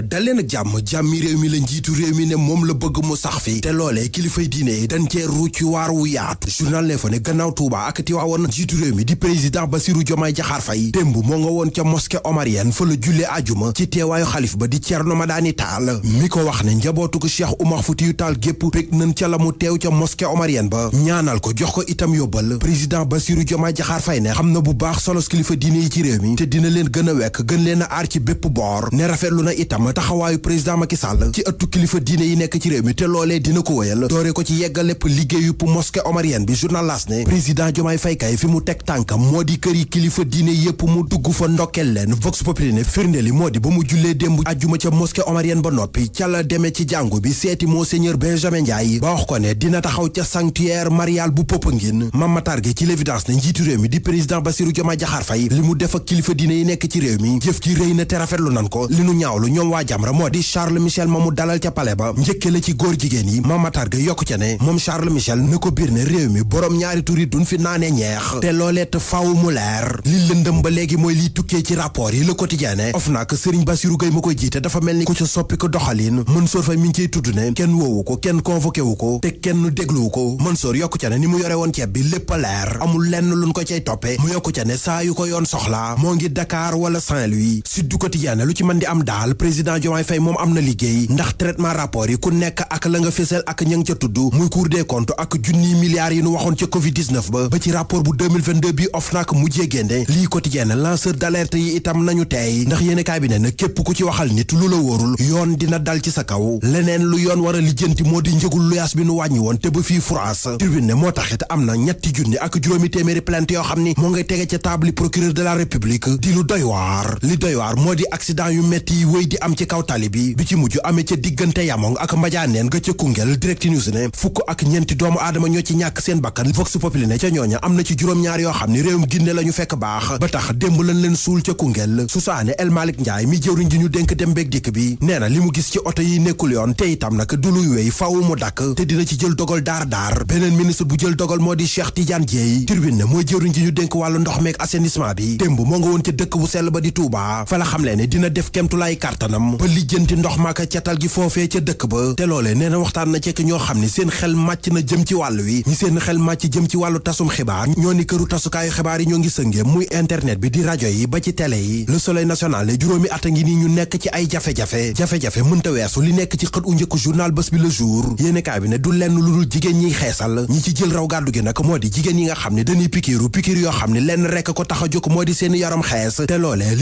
dalee nag jàmm jàmmi réew mi la njiitu réew mi ne moom la bëgg mu sax fi te loolee kilifay diine dañ cee ruuc ci waar wu yaatu journal ne fa ne gannaaw Touba ak Tiwaawoon njiitu réew mi di président Bassirou Diomaye Diakhar fay démb moo nga woon ca mosquée omarienne fa la jullee ajuma ci teewaayu xalif ba di Thierno Madani Tall mi ko wax ne njabootu ko Cheikh Oumar Foutiyou Tall gépp bég nañ ca la mu teew ca mosquée omarienne ba ñaanal ko jox ko itam yóbbal président Bassirou Diomaye Diakhar Faye ne xam na bu baax solos kilifa diine yi ci réew mi dina leen gën a wekk gën leen a aar ci bépp boor ne rafetlu na itam xam taxawaayu président Macky Sall ci ëttu kilifa diine yi nekk ci réew mi te loolee dina ko wéyal doore ko ci yeggal lépp liggéeyu pour mosquée bi journal L'As ne président Diomaye Faye kay fi mu teg tànkam moo di kër yi kilifa diine yépp mu dugg fa ndokkeel leen vox populi ne firnde li moo di ba mu jullee démb ajjuma ca mosquée omarienne ba noppi ca la demee ci jàngu bi seeti monseigneur Benjamin Ndiaye ba wax ko ne dina taxaw ca sanctuaire marial bu Popenguine mamatar gi ci l'évidence ne njiitu réew mi di président ak kilifa diine yi nekk ci waa Jamra moo di Charles Michel ma mu dalal ca palais ba njëkke la ci góor jigéen yi ma Matar Gueye ca ne moom Charles Michel na ko biir ne réew mi boroom ñaari tur yi duñ ñeex te loolee te mu leer li lëndëm ba léegi mooy liy tukkee ci rapport yi Le Quotidien ne OFNAC Serigne Bassirou Gueye ma koy jiite dafa mel ni ku ca soppi ko doxalin Mansour Faye mi ngi ciy tudd ne kenn woowu ko kenn convoqué ko te kenn dégluwu ko Mansour yokku ca a ca ne saa président Diomaye Faye moom am na liggéey ndax traitement rapport yi ku nekk ak la nga fésal ak ña ca tudd muy cour des comptes ak junniy milliards yi nu waxoon ca covid 19 ba ba ci rapport bu 2022 bi OFNAC mujjee génne lii quotidien lanceur d'alerte yi itam nañu teey ndax yéene kaay bi ne na képp ku ci waxal nit lu la wóorul yoon dina dal ci sa kaw leneen lu yoon war a lijjanti moo di njëgul luyaas bi nu wàññi woon te ba fii France tribune moo taxit am na ñetti junni ak juróomi ci kaw tali bi bi ci mujj amee ca diggante yamong ak mbajaaneen ga ca Koungheul direct news ne fukk ak ñeenti doomu aadama ñoo ci ñàkk seen bakkan vox populi ne ca ñooña am na ci juróom-ñaar yoo xam ne réewum Ginne la ñu fekk baax ba tax démb lañ leen suul ca Koungheul Susaane El Malick Ndiaye mi jëwriñ ji ñu dénk dem beeg dikk bi nee na li mu gis ci oto yi nekkul yoon te tam nag du luy wey faaw mu dakk te dina ci jël dogal daar daar beneen ministre moo di Cheikh Tidiane Dièye turbine ne mooy jëwriñ ji ñu dénk wàllu ndox meeg assainissement bi démb moo nga woon ca dëkk bu sell ba di Touba ñoñam ba lijjanti ndox maaka cetal gi foofee ca dëkk ba te loolee nee na waxtaan na ceek ñoo xam ne seen xel màcc na jëm ci wàll wi ñi seen xel màcc jëm ci wàllu tasum xibaar ñoo ni këru tasukaayu xibaar yi ñoo ngi sënge muy internet bi di rajo yi ba ci télé yi le soleil national juróomi at a ngi nii ñu nekk ci ay jafe-jafe jafe-jafe mënta weesu li nekk ci xët u njëkk journal bés bi le jour yéenekaay bi ne du lenn lu dul jigéen ñiy xeesal ñi ci jël moo di jigéen yi ne dañuy pikiiru pikiir yoo ne lenn rekk ko tax moo di seen yaram xees te loolee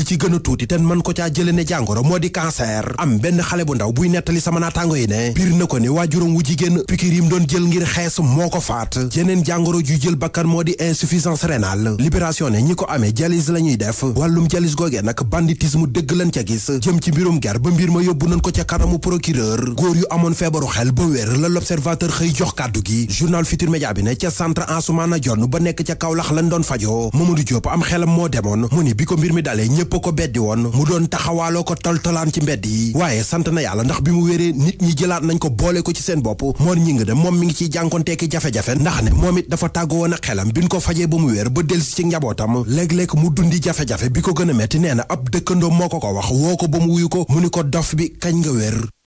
a cancer am benn xale bu ndaw buy nettali sama naataango yi ne biir na ko ne waajuram wu jigéen pikiir yi mu doon jël ngir xees moo ko faat jeneen jàngoro ju jël bakkan moo di insuffisance rénale libération ne ñi ko amee dialyse la ñuy def wàllum dialyse googee nag banditisme dëgg lañ ca gis jëm ci mbirum ger ba mbir ma yóbbu nañ ko ca kanamu procureur góor yu amoon feebaru xel ba wér la l'observateur xëy jox kàddu gi journal Futurs Médias bi ne ca centre Ansoumana Dione ba nekk ca Kaolack lañ doon fajoo Mamadou Diop am xelam moo demoon mu ni bi ko mbir mi dalee ñépp ko beddi woon mu ci yi waaye sant na yàlla ndax bi mu wéree nit ñi jëlaat nañ ko boole ko ci seen bopp moor ñi ngi de moom mi ngi ciy jànkonteeki jafe-jafe ndax ne moom it dafa tàggo woon xelam bi nu ko fajee ba mu wér ba delsi ci njabootam léeg-léeg mu dundi jafe-jafe bi ko gën a metti nee na ab dëkkandoo moo ko ko wax woo ko ba mu wuyu ko mu ni ko dof bi kañ nga wér